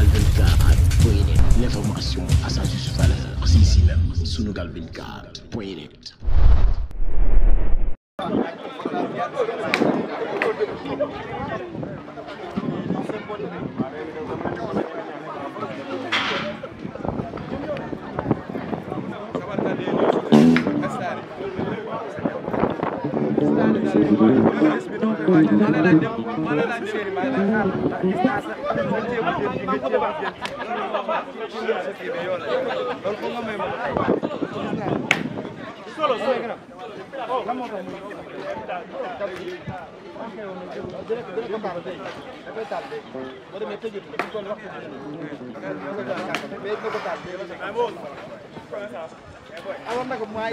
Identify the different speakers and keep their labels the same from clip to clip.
Speaker 1: Sunugal 24 point net l'information à sa juste valeur si si la Sunugal 24 point net awan na ko mai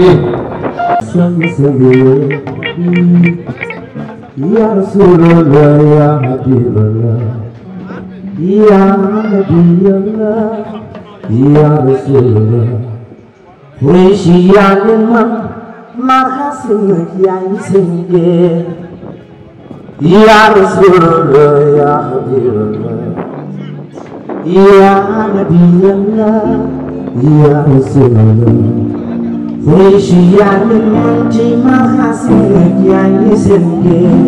Speaker 1: يا رسول الله يا حبيب الله يا نبي الله يا رسول الله قريشي يا لمن مرحسنك يا سيدي يا رسول الله يا حبيب الله يا نبي الله يا رسول الله Asianen Multi Mahasinet yaa ngi seen géej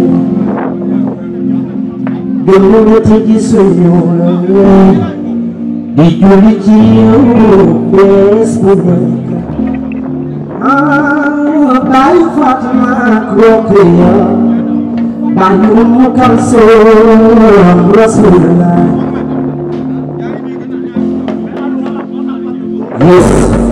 Speaker 1: gënu wati gi suñu lële di julli ci yow bés bu nekk ah Baay Fatma kooku ya Baay Umu Kalsoom Rasulullah yes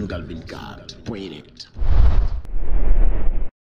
Speaker 1: sunugal 24 point net